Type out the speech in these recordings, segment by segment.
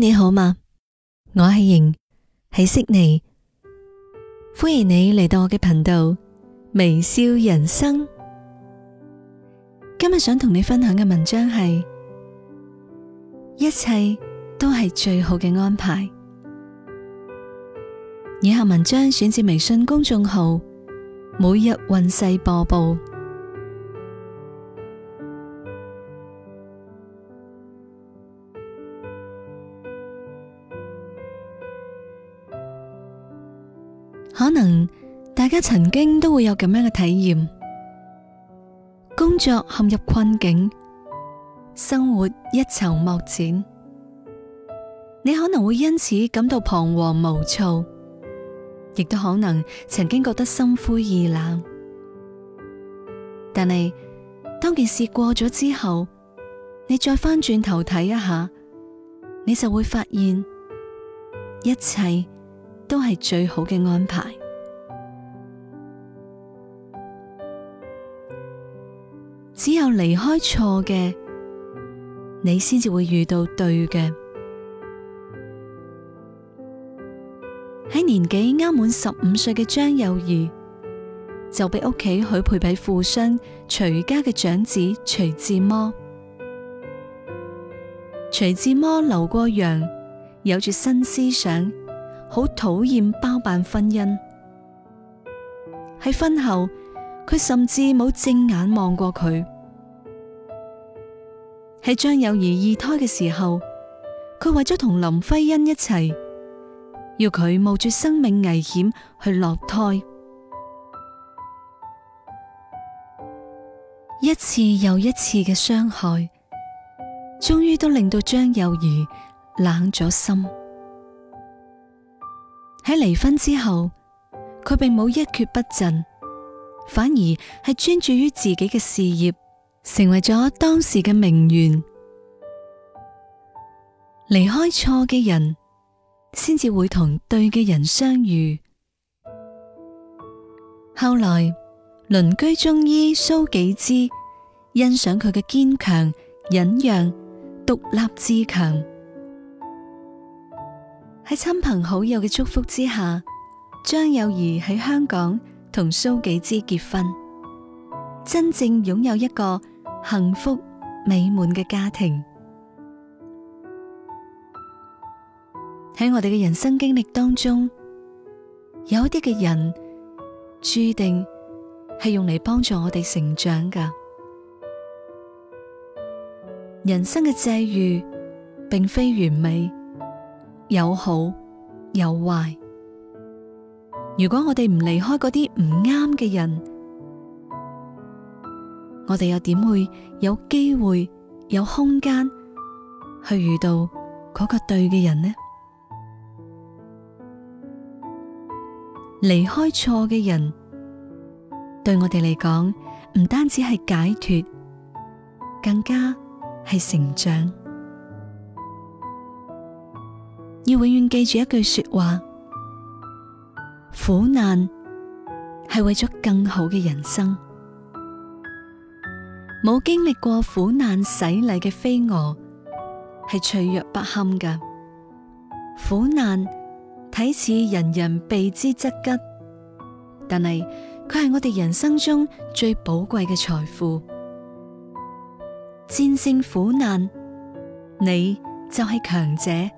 你好嗎？我係瑩，喺悉尼，歡迎你嚟到我嘅頻道微笑人生。今日想同你分享嘅文章係，一切都係最好嘅安排。以下文章選自微信公眾號每日運勢播報。可能大家曾經都會有咁樣嘅體驗，工作陷入困境，生活一籌莫展，你可能會因此感到彷徨無措，亦都可能曾經覺得心灰意冷。但係當件事過咗之後，你再翻轉頭睇一下，你就會發現一切。都係最好嘅安排。只有離開錯嘅，你先至會遇到對嘅。喺年紀啱滿十五歲嘅張幼儀，就俾屋企許配俾富商徐家嘅長子徐志摩。徐志摩留過洋，有住新思想。好討厭包辦婚姻。喺婚後，佢甚至冇正眼望過佢。喺張幼儀二胎嘅時候，佢為咗同林徽因一齊，要佢冒住生命危險去落胎。一次又一次嘅傷害，終於都令到張幼儀冷咗心。喺離婚之後，佢並冇一蹶不振，反而係專注於自己嘅事業，成為咗當時嘅名媛。離開錯嘅人，先至會同對嘅人相遇。後來，鄰居中醫蘇紀之欣賞佢嘅堅強、忍讓、獨立自強。喺親朋好友嘅祝福之下，張幼儀喺香港同蘇紀之結婚，真正擁有一個幸福美滿嘅家庭。喺我哋嘅人生經歷當中，有啲嘅人注定係用嚟幫助我哋成長㗎。人生嘅際遇並非完美。有好有壞，如果我哋唔離開嗰啲唔啱嘅人，我哋又點會有機會、有空間去遇到嗰個對嘅人呢？離開錯嘅人，對我哋嚟講，唔單止係解脫，更加係成長。要永遠記住一句說話：苦難係為咗更好嘅人生。冇經歷過苦難洗禮嘅飛蛾，係脆弱不堪嘅。苦難睇似人人避之則吉，但係佢係我哋人生中最寶貴嘅財富。戰勝苦難，你就係強者。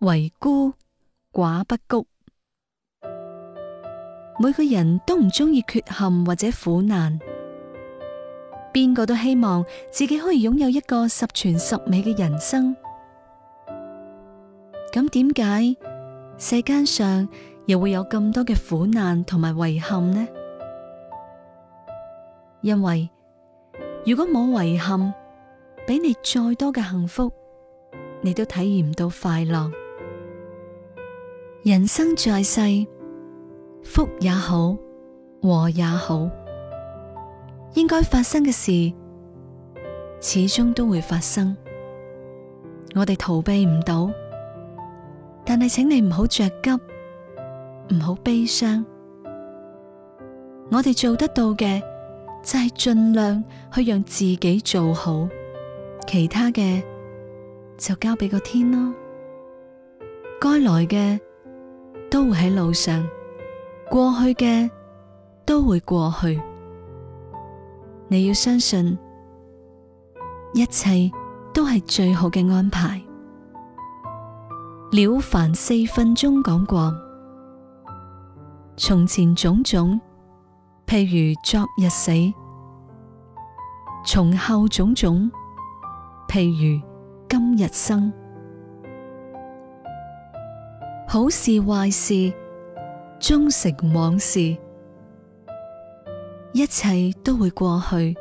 唯孤寡不谷，每個人都唔鍾意缺陷，或者苦難，邊個都希望自己可以擁有一個十全十美嘅人生。咁點解世間上又會有咁多嘅苦難同埋遺憾呢？因為如果冇遺憾，俾你再多嘅幸福，你都體驗唔到快樂。人生在世，福也好，禍也好，應該發生嘅事，始終都會發生。我哋逃避唔到，但係請你唔好着急，唔好悲傷。我哋做得到嘅就係、是、盡量去讓自己做好，其他嘅就交俾個天咯。該來嘅。都會喺路上，過去嘅都會過去。你要相信，一切都係最好嘅安排。了凡四訓中講過：從前種種，譬如昨日死；從後種種，譬如今日生。好事壞事終成往事，一切都會過去，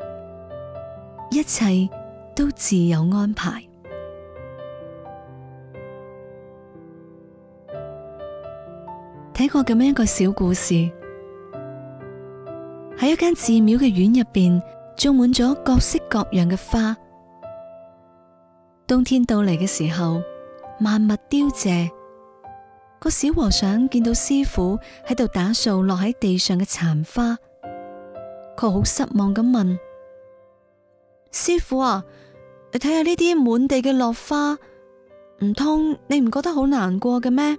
一切都自有安排。睇過咁樣一個小故事，喺一間寺廟嘅院入邊種滿咗各式各樣嘅花。冬天到嚟嘅時候，萬物凋謝。個小和尚見到師傅喺度打掃落喺地上嘅殘花，佢好失望咁問：師傅啊，你睇下呢啲滿地嘅落花，唔通你唔覺得好難過嘅咩？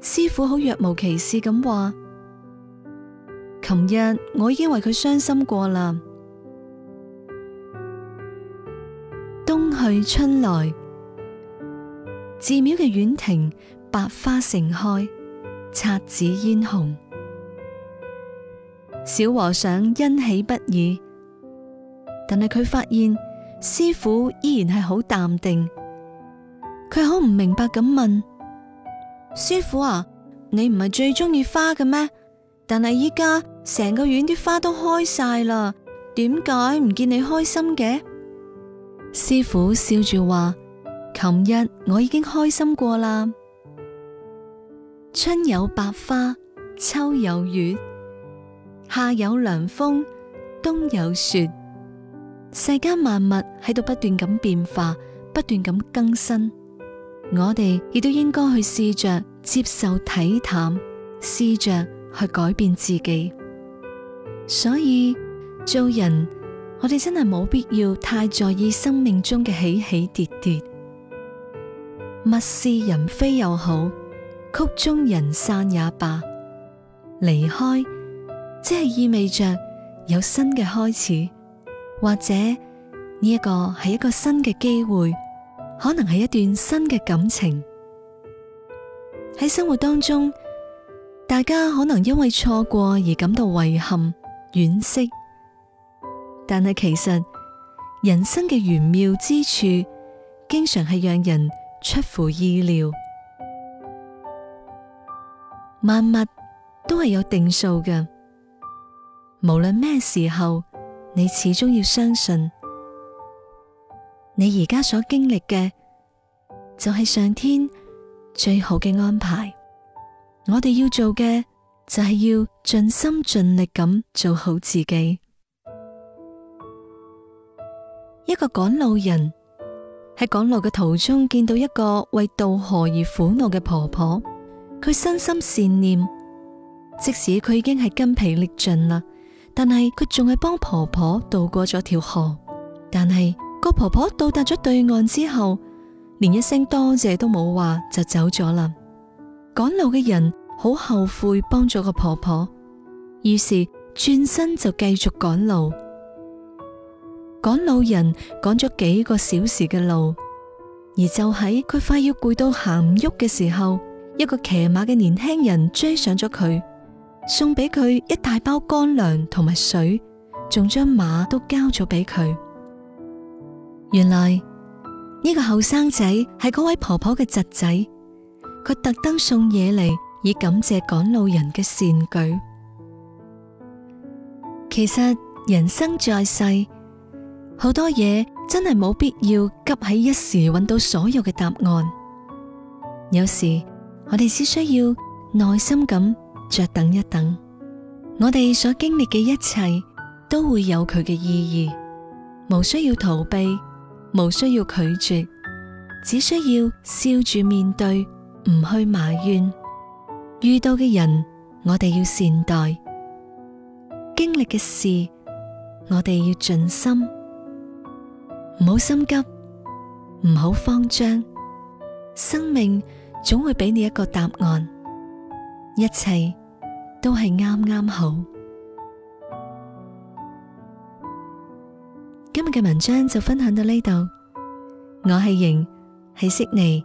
師傅好若無其事咁話：琴日我已經為佢傷心過啦。冬去春來。寺廟嘅院亭，百花盛開，姹紫嫣紅。小和尚欣喜不已，但係佢發現師傅依然係好淡定。佢好唔明白咁問師傅啊：你唔係最中意花嘅咩？但係依家成個院啲花都開晒啦，點解唔見你開心嘅？師傅笑住話。琴日我已經開心過啦。春有百花，秋有月，夏有涼風，冬有雪。世間萬物喺度不斷咁變化，不斷咁更新，我哋亦都應該去試着接受體淡，試着去改變自己。所以做人，我哋真係冇必要太在意生命中嘅起起跌跌。物是人非又好，曲終人散也罷。離開只係意味着有新嘅開始，或者呢一個係一個新嘅機會，可能係一段新嘅感情。喺生活當中，大家可能因為錯過而感到遺憾惋惜，但係其實人生嘅玄妙之處，經常係讓人。出乎意料，萬物都係有定數嘅。無論咩時候，你始終要相信，你而家所經歷嘅就係上天最好嘅安排。我哋要做嘅就係要盡心盡力咁做好自己。一個趕路人。喺趕路嘅途中，見到一個為渡河而苦惱嘅婆婆，佢身心善念，即使佢已經係筋疲力盡啦，但係佢仲係幫婆婆渡過咗條河。但係個婆婆到達咗對岸之後，連一聲多謝都冇話，就走咗啦。趕路嘅人好後悔幫咗個婆婆，於是轉身就繼續趕路。趕路人趕咗幾個小時嘅路，而就喺佢快要攰到行唔喐嘅時候，一個騎馬嘅年輕人追上咗佢，送俾佢一大包乾糧同埋水，仲將馬都交咗俾佢。原來呢個後生仔係嗰位婆婆嘅侄仔，佢特登送嘢嚟，以感謝趕路人嘅善舉。其實人生在世，好多嘢真係冇必要急喺一時，揾到所有嘅答案。有時我哋只需要耐心咁著等一等。我哋所經歷嘅一切都會有佢嘅意義，無需要逃避，無需要拒絕，只需要笑住面對，唔去埋怨。遇到嘅人，我哋要善待；經歷嘅事，我哋要盡心。唔好心急，唔好慌張，生命總會俾你一個答案，一切都係啱啱好。今日嘅文章就分享到呢度，我係瑩，係悉尼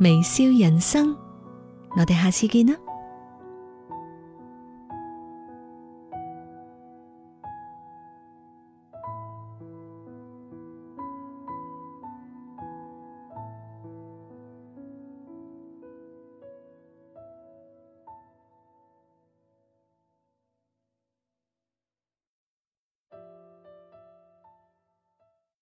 微笑人生，我哋下次見啦。